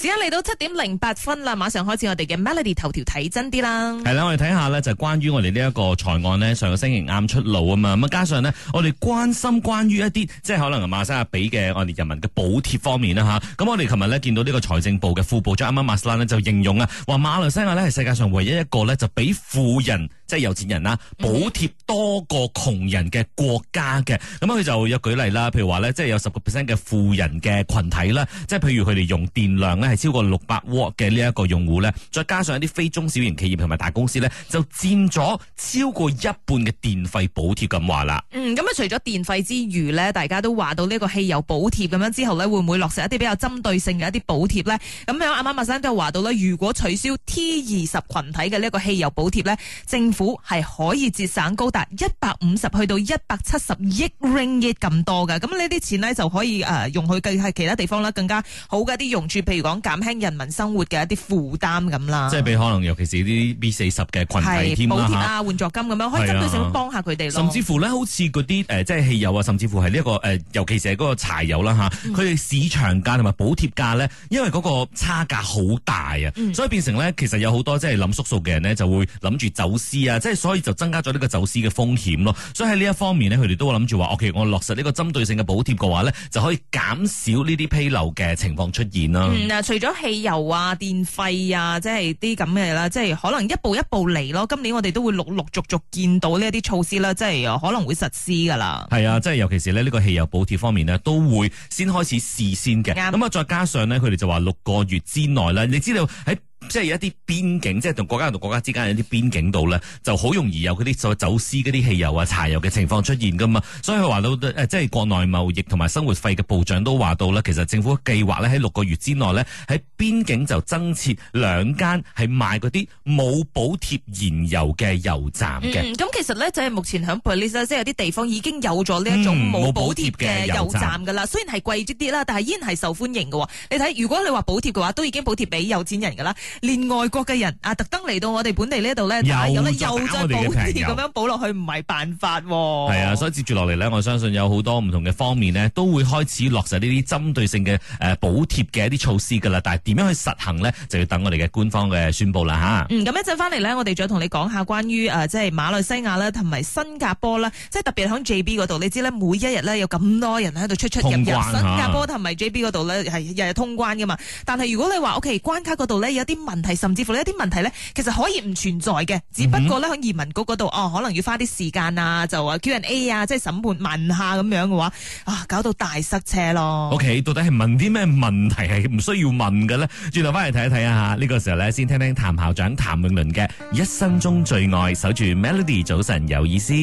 而家嚟到七點零八分啦，馬上開始我哋嘅 Melody 頭條睇真啲啦。係啦，我哋睇下呢，就係、關於我哋呢一個財案呢，上個星期啱出爐啊嘛。咁啊，加上呢，我哋關心關於一啲即係可能馬來西亞俾嘅我哋人民嘅補貼方面啦吓。咁、啊、我哋琴日呢，見到呢個財政部嘅副部長啱啱馬斯蘭就形容啊，話馬來西亞呢，係世界上唯一一個呢，就俾富人即係有錢人啦補貼多過窮人嘅國家嘅。咁佢、mm hmm. 就有舉例啦，譬如話呢，即、就、係、是、有十個 percent 嘅富人嘅群體啦，即係譬如佢哋用電量係超過六百 w 嘅呢一個用戶咧，再加上一啲非中小型企業同埋大公司咧，就佔咗超過一半嘅電費補貼咁話啦。嗯，咁啊，除咗電費之餘咧，大家都話到呢個汽油補貼咁樣之後咧，會唔會落實一啲比較針對性嘅一啲補貼咧？咁樣啱啱麥生都話到咧，如果取消 T 二十群體嘅呢一個汽油補貼咧，政府係可以節省高達一百五十去到一百七十億 ringgit 咁多嘅。咁呢啲錢咧就可以誒、呃、用去更係其他地方啦，更加好嘅一啲用處，譬如講。減輕人民生活嘅一啲負擔咁啦，即係俾可能尤其是啲 B 四十嘅群體添啦，補貼啊、援助金咁樣，可以針對性幫、啊、下佢哋咯。甚至乎咧、這個，好似嗰啲誒，即係汽油啊，甚至乎係呢一個誒，尤其是係嗰個柴油啦吓，佢哋、嗯、市場價同埋補貼價咧，因為嗰個差價好大啊，嗯、所以變成咧，其實有好多即係諗縮數嘅人咧，就會諗住走私啊，即係所以就增加咗呢個走私嘅風險咯。所以喺呢一方面咧，佢哋都諗住話，OK，我落實呢個針對性嘅補貼嘅話咧，就可以減少呢啲批流嘅情況出現啦。嗯啊除咗汽油啊、電費啊，即係啲咁嘅啦，即係可能一步一步嚟咯。今年我哋都會陸陸續續見到呢一啲措施啦，即係可能會實施噶啦。係啊，即係尤其是咧呢個汽油補貼方面呢，都會先開始試先嘅。咁啊對，再加上咧，佢哋就話六個月之內咧，你知道喺。即係一啲邊境，即係同國家同國家之間有啲邊境度咧，就好容易有嗰啲走走私嗰啲汽油啊、柴油嘅情況出現噶嘛。所以佢話到誒，即係國內貿易同埋生活費嘅部長都話到啦。其實政府嘅計劃咧，喺六個月之內咧，喺邊境就增設兩間係賣嗰啲冇補貼燃油嘅油站嘅。咁其實咧就係目前響，其實即係有啲地方已經有咗呢一種冇補貼嘅油站噶啦。嗯、雖然係貴啲啲啦，但係依然係受歡迎嘅。你睇，如果你話補貼嘅話，都已經補貼俾有錢人噶啦。連外國嘅人啊，特登嚟到我哋本地呢度咧，又又再補貼咁樣補落去，唔係宜辦法，啊。係啊，所以接住落嚟咧，我相信有好多唔同嘅方面呢，都會開始落實呢啲針對性嘅誒、呃、補貼嘅一啲措施噶啦。但係點樣去實行呢？就要等我哋嘅官方嘅宣佈啦吓，嗯，咁一陣翻嚟咧，我哋再同你講下關於啊，即係馬來西亞啦，同埋新加坡啦，即係特別響 JB 嗰度，你知咧，每一日咧有咁多人喺度出出入入，關新加坡同埋 JB 嗰度咧係日日通關噶嘛。但係如果你話屋企關卡嗰度咧有啲。問題甚至乎呢一啲問題咧，其實可以唔存在嘅，只不過咧喺移民局嗰度哦，可能要花啲時間啊，就啊 Q&A 啊，即係審判問下咁樣嘅話，啊搞到大塞車咯。OK，到底係問啲咩問題係唔需要問嘅咧？轉頭翻嚟睇一睇啊！吓、這、呢個時候咧，先聽聽譚校長譚詠麟嘅一生中最愛，守住 Melody，早晨有意思。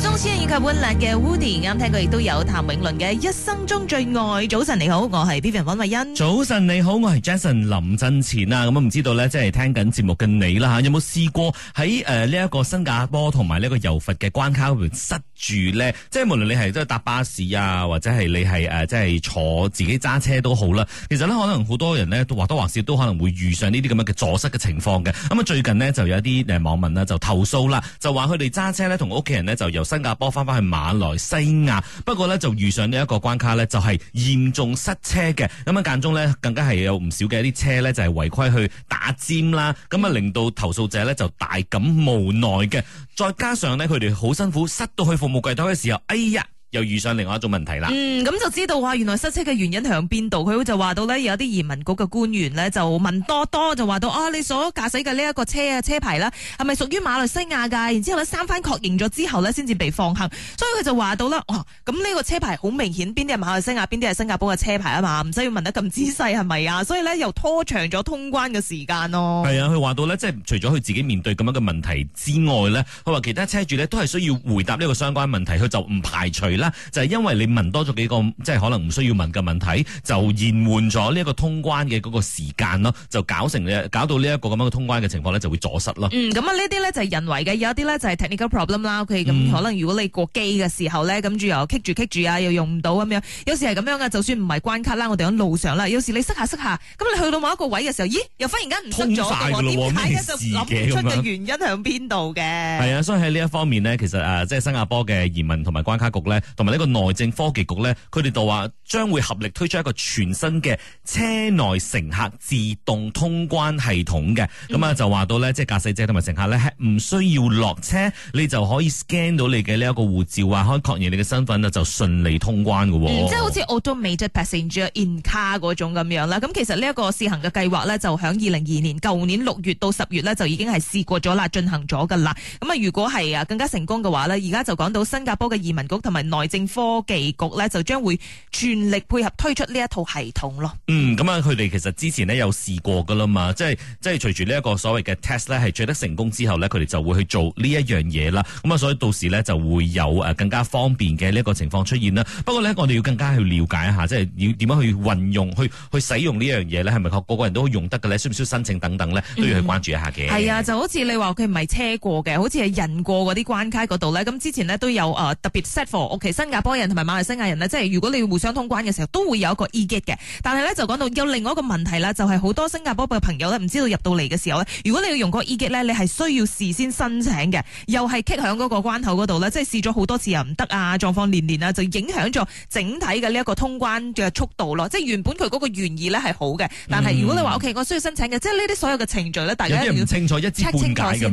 中千以及温拿嘅 Woody 啱聽過，亦都有譚詠麟嘅《一生中最愛》。早晨你好，我係 Vivian 温慧欣。早晨你好，我係 Jason 林振前啦。咁唔知道呢，即係聽緊節目嘅你啦吓，有冇試過喺誒呢一個新加坡同埋呢個柔佛嘅關卡入邊塞住呢？即係無論你係即係搭巴士啊，或者係你係誒、呃、即係坐自己揸車都好啦。其實呢，可能好多人呢，都或多或少都可能會遇上呢啲咁樣嘅阻塞嘅情況嘅。咁、嗯、啊，最近呢，就有一啲網民啦就投訴啦，就話佢哋揸車呢，同屋企人呢，就由。新加坡翻返去馬來西亞，不過呢就遇上呢一個關卡呢就係嚴重塞車嘅。咁樣間中呢更加係有唔少嘅一啲車呢就係違規去打尖啦。咁啊，令到投訴者呢就大感無奈嘅。再加上呢，佢哋好辛苦，塞到去服務櫃枱嘅時候，哎呀！又遇上另外一種問題啦。嗯，咁就知道話原來塞車嘅原因喺邊度？佢就話到呢，有啲移民局嘅官員呢，就問多多，就話到啊，你所駕駛嘅呢一個車啊車牌啦，係咪屬於馬來西亞噶？然之後三番確認咗之後呢，先至被放行。所以佢就話到啦，哇、啊，咁呢個車牌好明顯，邊啲係馬來西亞，邊啲係新加坡嘅車牌啊嘛，唔使要問得咁仔細係咪啊？所以呢，又拖長咗通關嘅時間咯。係啊，佢話到呢，即係除咗佢自己面對咁樣嘅問題之外呢，佢話其他車主呢，都係需要回答呢個相關問題，佢就唔排除。就係因為你問多咗幾個，即係可能唔需要問嘅問題，就延緩咗呢一個通關嘅嗰個時間咯，就搞成搞到呢一個咁樣嘅通關嘅情況咧，就會阻塞咯。咁啊、嗯，呢啲咧就係人為嘅，有一啲咧就係 technical problem 啦、okay？咁可能如果你過機嘅時候咧，咁仲有棘住棘住啊，又用唔到咁樣，有時係咁樣嘅。就算唔係關卡啦，我哋喺路上啦，有時你塞下塞下，咁你去到某一個位嘅時候，咦？又忽然間唔通咗了，我點解就諗唔出嘅原因喺邊度嘅？係啊、嗯，所以喺呢一方面呢，其實、啊、即係新加坡嘅移民同埋關卡局咧。同埋呢個內政科技局呢，佢哋就話將會合力推出一個全新嘅車內乘客自動通關系統嘅，咁啊、嗯、就話到呢，即、就、係、是、駕駛者同埋乘客呢，唔需要落車，你就可以 scan 到你嘅呢一個護照啊，可以確認你嘅身份啊，就順利通關㗎喎。即係、嗯就是、好似 automated passenger in car 嗰種咁樣啦。咁其實呢一個試行嘅計劃呢，就喺二零二二年舊年六月到十月呢，就已經係試過咗啦，進行咗㗎啦。咁啊，如果係啊更加成功嘅話呢，而家就講到新加坡嘅移民局同埋內，財政科技局咧，就將會全力配合推出呢一套系統咯。嗯，咁啊，佢哋其實之前呢，有試過噶啦嘛，即係即係隨住呢一個所謂嘅 test 咧係取得成功之後呢，佢哋就會去做呢一樣嘢啦。咁啊，所以到時呢，就會有誒更加方便嘅呢一個情況出現啦。不過呢，我哋要更加去了解一下，即係要點樣去運用、去去使用呢樣嘢呢？係咪個個人都用得嘅呢？需唔需要申請等等呢？都要去關注一下嘅。係、嗯、啊，就好似你話佢唔係車過嘅，好似係人過嗰啲關卡嗰度呢。咁之前呢，都有誒、呃、特別 set for 新加坡人同埋馬來西亞人咧，即係如果你要互相通關嘅時候，都會有一個 E-Gate 嘅。但係咧就講到有另外一個問題啦，就係、是、好多新加坡嘅朋友咧，唔知道入到嚟嘅時候咧，如果你要用個 E-Gate 咧，ate, 你係需要事先申請嘅，又係棘響嗰個關口嗰度咧，即係試咗好多次又唔得啊，狀況連連啊，就影響咗整體嘅呢一個通關嘅速度咯。即係原本佢嗰個原意咧係好嘅，但係如果你話、嗯、，OK，我需要申請嘅，即係呢啲所有嘅程序，咧，大家一定要清楚，一知半解，如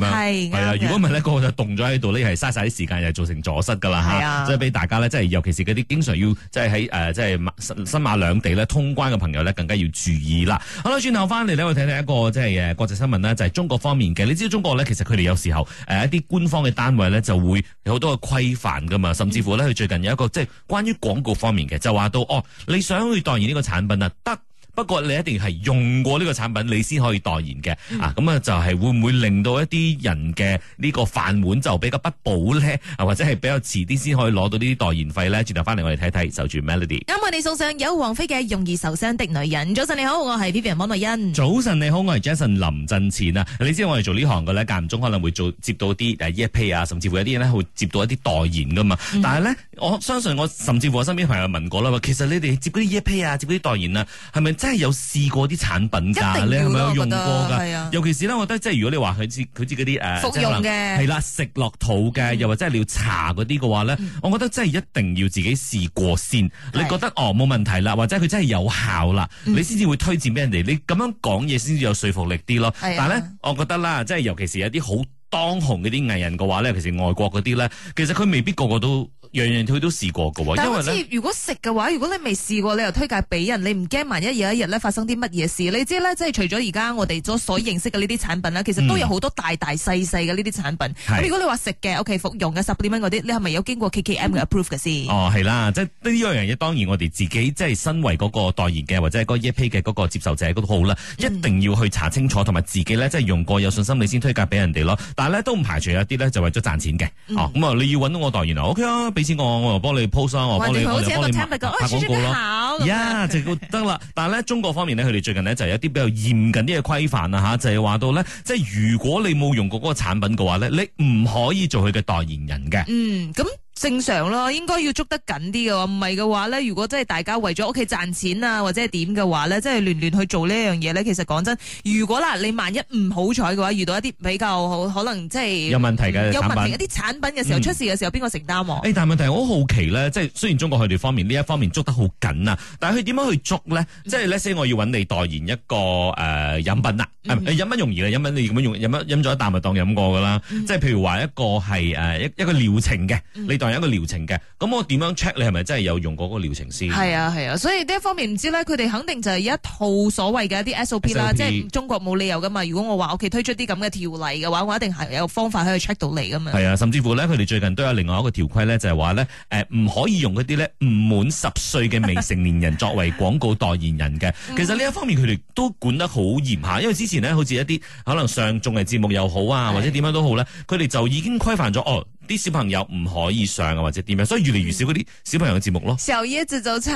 果唔係咧，個就凍咗喺度咧，係嘥晒啲時間，又造成阻塞噶啦俾大家咧，即係尤其是嗰啲經常要即係喺誒，即係新新馬兩地咧通關嘅朋友咧，更加要注意啦。好啦，轉頭翻嚟咧，我睇睇一個即係誒國際新聞啦，就係、是、中國方面嘅。你知道中國咧，其實佢哋有時候誒、呃、一啲官方嘅單位咧，就會有好多嘅規範噶嘛，甚至乎咧佢最近有一個即係關於廣告方面嘅，就話到哦，你想去代言呢個產品啊，得。不過你一定係用過呢個產品，你先可以代言嘅啊！咁啊，就係會唔會令到一啲人嘅呢個飯碗就比較不保呢？啊，或者係比較遲啲先可以攞到呢啲代言費呢？轉頭翻嚟我哋睇睇，守住 Melody。咁我哋送上有王菲嘅《容易受傷的女人》。早晨你好，我係 Vivian 黃麗欣。早晨你好，我係 Jason 林振前啊！你知我哋做呢行嘅咧，間唔中可能會做接到啲誒 IP 啊，甚至乎有啲人會接到一啲代言噶嘛。但係呢，我相信我甚至乎我身邊朋友問過啦，其實你哋接嗰啲 IP 啊，接嗰啲代言啊，係咪？真係有試過啲產品㗎，你係咪有用過㗎？尤其是咧，我覺得即係如果你話佢似佢似嗰啲誒，呃、服用嘅係啦，食落肚嘅，嗯、又或者係你要查嗰啲嘅話咧，嗯、我覺得真係一定要自己試過先，嗯、你覺得哦冇問題啦，或者佢真係有效啦、嗯，你先至會推薦俾人哋。你咁樣講嘢先至有說服力啲咯。嗯、但係咧，我覺得啦，即係尤其是有啲好當紅嗰啲藝人嘅話咧，其實外國嗰啲咧，其實佢未必個個都。樣樣佢都試過噶，因為好似如果食嘅話，如果你未試過，你又推介俾人，你唔驚萬一有一日咧發生啲乜嘢事？你知咧，即係除咗而家我哋所所認識嘅呢啲產品啦，其實都有好多大大細細嘅呢啲產品。嗯、如果你話食嘅，O.K. 的服用嘅十幾蚊嗰啲，你係咪有經過 K.K.M 嘅、嗯、approve 嘅的先？哦，係啦，即係呢樣嘢當然我哋自己即係身為嗰個代言嘅或者係嗰一批嘅嗰個接受者都好啦，一定要去查清楚同埋、嗯、自己咧即係用過有信心你先推介俾人哋咯。但係咧都唔排除有啲咧就為咗賺錢嘅。咁啊、嗯哦、你要揾到我代言啊，O.K. 啊我我又幫你 post 我幫你拍廣告咯。呀，就個得啦，但係咧中國方面咧，佢哋最近咧就係有啲比較嚴謹啲嘅規範啊嚇，就係、是、話到咧，即、就是、如果你冇用過嗰個產品嘅話咧，你唔可以做佢嘅代言人嘅。嗯，咁。正常咯，應該要捉得緊啲嘅喎，唔係嘅話咧，如果真係大家為咗屋企賺錢啊，或者係點嘅話咧，即係亂亂去做呢樣嘢咧，其實講真，如果嗱你萬一唔好彩嘅話，遇到一啲比較好可能即係有問題嘅有問題一啲產品嘅時候出事嘅時候，邊個、嗯、承擔喎？但係問題我好好奇咧，即係雖然中國佢哋方面呢一方面捉得好緊啊，但係佢點樣去捉咧？嗯、即係 let's say，我要揾你代言一個誒飲品啊，飲品容易啊？飲品你咁樣用飲咗一啖咪當飲過㗎啦？嗯、即係譬如話一個係誒一一個療程嘅，嗯仲有一個療程嘅，咁我點樣 check 你係咪真係有用過嗰個療程先？係啊，係啊，所以呢一方面唔知咧，佢哋肯定就係一套所謂嘅一啲 SOP 啦，即係中國冇理由噶嘛。如果我話我屋企推出啲咁嘅條例嘅話，我一定係有方法可以 check 到你噶嘛。係啊，甚至乎咧，佢哋最近都有另外一個條規咧，就係話咧，誒、呃、唔可以用嗰啲咧唔滿十歲嘅未成年人作為廣告代言人嘅。 嗯、其實呢一方面佢哋都管得好嚴下，因為之前咧好似一啲可能上綜藝節目又好啊，或者點樣都好咧，佢哋是就已經規範咗哦。啲小朋友唔可以上啊，或者點樣，所以越嚟越少嗰啲小朋友嘅節目咯。時候一直就慘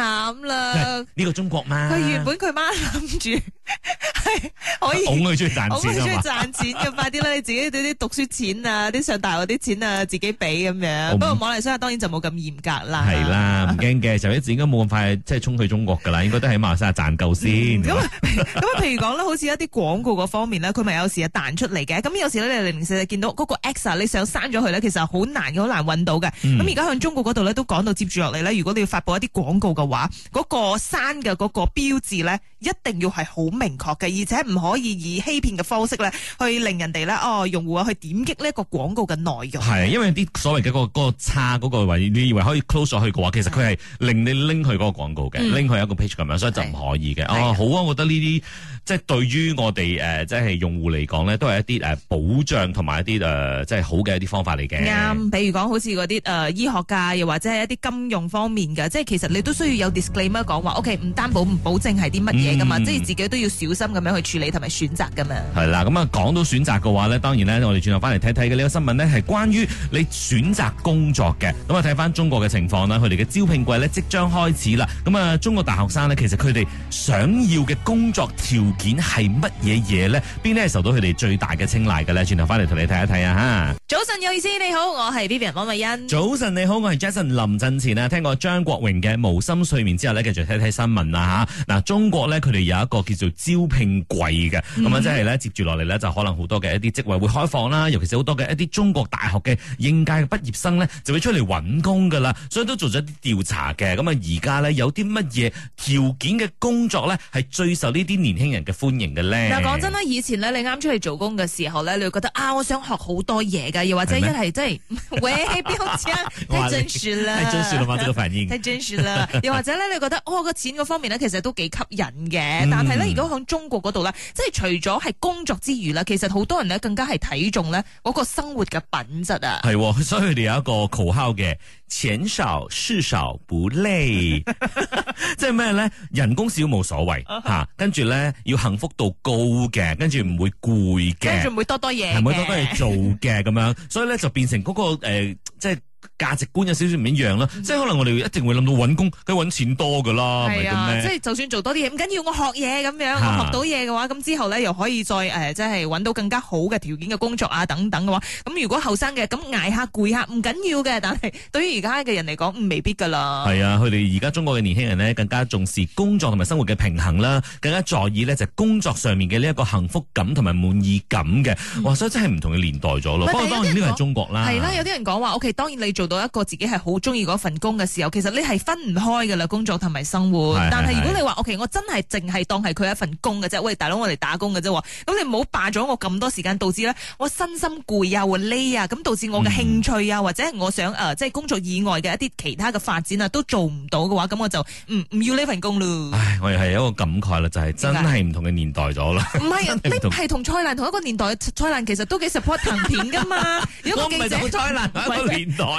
啦，呢個中國嘛。佢原本佢媽諗住。 可以，我好中意賺錢噶，快啲啦！你自己啲啲讀書錢啊，啲上大學啲錢啊，自己俾咁樣。不過馬來西亞當然就冇咁嚴格啦，係啦，唔驚嘅。就一直應該冇咁快，即係衝去中國噶啦，應該都喺馬來西亞賺夠先。咁咁啊，譬如講咧，好似一啲廣告嗰方面咧，佢咪有時啊彈出嚟嘅。咁有時咧，你零零舍舍見到嗰個 X 啊，你想刪咗佢咧，其實好難，好難搵到嘅。咁而家向中國嗰度咧，都講到接住落嚟咧。如果你要發布一啲廣告嘅話，嗰個刪嘅嗰個標誌咧，一定要係好明確嘅。而且唔可以以欺騙嘅方式咧，去令人哋咧哦，用戶啊去點擊呢一個廣告嘅內容。係，因為啲所謂嘅、嗰個、嗰個差嗰個位你以為可以 close 咗去嘅話，其實佢係令你拎去嗰個廣告嘅，拎、嗯、去一個 page 咁樣，所以就唔可以嘅。係哦，好啊，我覺得呢啲即係對於我哋誒、呃、即係用戶嚟講咧，都係一啲誒、呃、保障同埋一啲誒、呃、即係好嘅一啲方法嚟嘅。啱，比如講好似嗰啲誒醫學界，又或者係一啲金融方面嘅，即係其實你都需要有 disclaimer 講話 OK 唔擔保唔保證係啲乜嘢噶嘛，嗯、即係自己都要小心咁樣。去處理同埋選擇噶嘛？係啦，咁啊講到選擇嘅話呢，當然呢，我哋轉頭翻嚟睇睇嘅呢個新聞呢，係關於你選擇工作嘅。咁啊，睇翻中國嘅情況啦，佢哋嘅招聘季呢，即將開始啦。咁啊，中國大學生呢，其實佢哋想要嘅工作條件係乜嘢嘢呢？邊啲係受到佢哋最大嘅青睞嘅呢？轉頭翻嚟同你睇一睇啊！吓，早晨，有意思，你好，我係 Vivian 溫慧欣。早晨，你好，我係 Jason 林振前啦。聽過張國榮嘅《無心睡眠》之後呢，繼續睇睇新聞啦吓。嗱，中國呢，佢哋有一個叫做招聘。貴嘅，咁啊、嗯，即係咧接住落嚟咧，就可能好多嘅一啲職位會開放啦，尤其是好多嘅一啲中國大學嘅應屆畢業生咧，就會出嚟揾工噶啦，所以都做咗啲調查嘅，咁啊，而家咧有啲乜嘢條件嘅工作咧，係最受呢啲年輕人嘅歡迎嘅咧？但係講真啦，以前咧你啱出嚟做工嘅時候咧，你會覺得啊，我想學好多嘢噶，又或者一係即係喂，標個知真睇啦，睇準數反啦，又或者呢，你覺得 哦個錢嗰方面呢，其實都幾吸引嘅，但係如果響中國。嗰度咧，即係除咗係工作之餘咧，其實好多人咧更加係睇重咧嗰個生活嘅品質啊。係、哦，所以佢哋有一個口號嘅錢少事少不累，即係咩咧？人工少冇所謂嚇、哦是啊，跟住咧要幸福度高嘅，跟住唔會攰嘅，跟住唔會多多嘢，唔會多多嘢做嘅咁 樣，所以咧就變成嗰個即係。呃即係價值觀有少少唔一樣啦，嗯、即係可能我哋一定會諗到揾工，梗係揾錢多噶啦，係啊，即係就算做多啲嘢唔緊要，我學嘢咁樣，啊、我學到嘢嘅話，咁之後咧又可以再誒、呃，即係搵到更加好嘅條件嘅工作啊等等嘅話，咁如果後生嘅咁捱下攰下唔緊要嘅，但係對於而家嘅人嚟講未必噶啦。係啊，佢哋而家中國嘅年輕人咧更加重視工作同埋生活嘅平衡啦，更加在意咧就係，工作上面嘅呢一個幸福感同埋滿意感嘅，哇、嗯，所以真係唔同嘅年代咗咯。不過當然呢個係中國啦，係啦，啊，有啲人講話，OK，當然你。做到一個自己係好中意嗰份工嘅時候，其實你係分唔開嘅啦，工作同埋生活。是的 但係如果你話，我其實我真係淨係當係佢一份工嘅啫，喂，大佬我嚟打工嘅啫，咁你唔好霸咗我咁多時間，導致咧我身心攰啊累啊，咁、啊、導致我嘅興趣啊，嗯、或者我想即係、呃就是、工作以外嘅一啲其他嘅發展啊，都做唔到嘅話，咁我就唔唔要呢份工咯。唉，我係有一個感慨啦，就係、是、真係唔同嘅年代咗啦。唔係，你係同蔡瀾同一個年代，嘅蔡瀾其實都幾 support 片嘅嘛。 如果記者，蔡瀾同一個年代。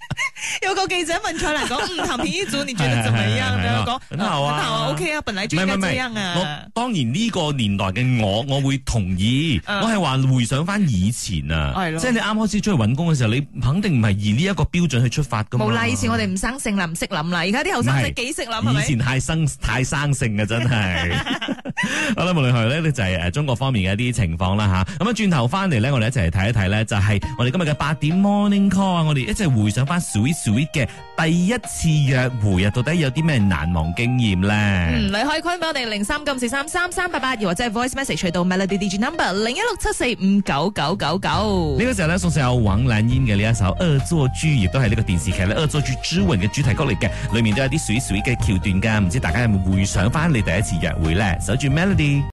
有個記者問佢嚟講：唔唐平一族》你覺得怎麼樣咧？講好啊，好啊，OK 啊，本來就應該這樣啊。我當然呢個年代嘅我，我會同意。我係話回想翻以前啊，即係你啱開始出去揾工嘅時候，你肯定唔係以呢一個標準去出發噶嘛。冇啦，以前我哋唔生性啦，唔識諗啦。而家啲後生仔幾識諗？係咪？以前太生太生性嘅真係。好啦，無論係咧，就係誒中國方面嘅一啲情況啦吓。咁啊，轉頭翻嚟咧，我哋一齊嚟睇一睇咧，就係我哋今日嘅八點 Morning Call，我哋一齊回想翻。sweet sweet 嘅第一次約會啊，到底有啲咩難忘經驗咧？嗯，你可以 call 俾我哋零三九四三三三八八，又或者係 voice message 去到 melody DJ number 零一六七四五九九九九。呢個時候咧，送上有王藍茵嘅呢一首《惡作劇》，亦都係呢個電視劇《呢惡作劇之吻》嘅主題曲嚟嘅，裏面都有啲 sweet sweet 嘅橋段噶，唔知大家有冇回想翻你第一次約會咧？守住 melody。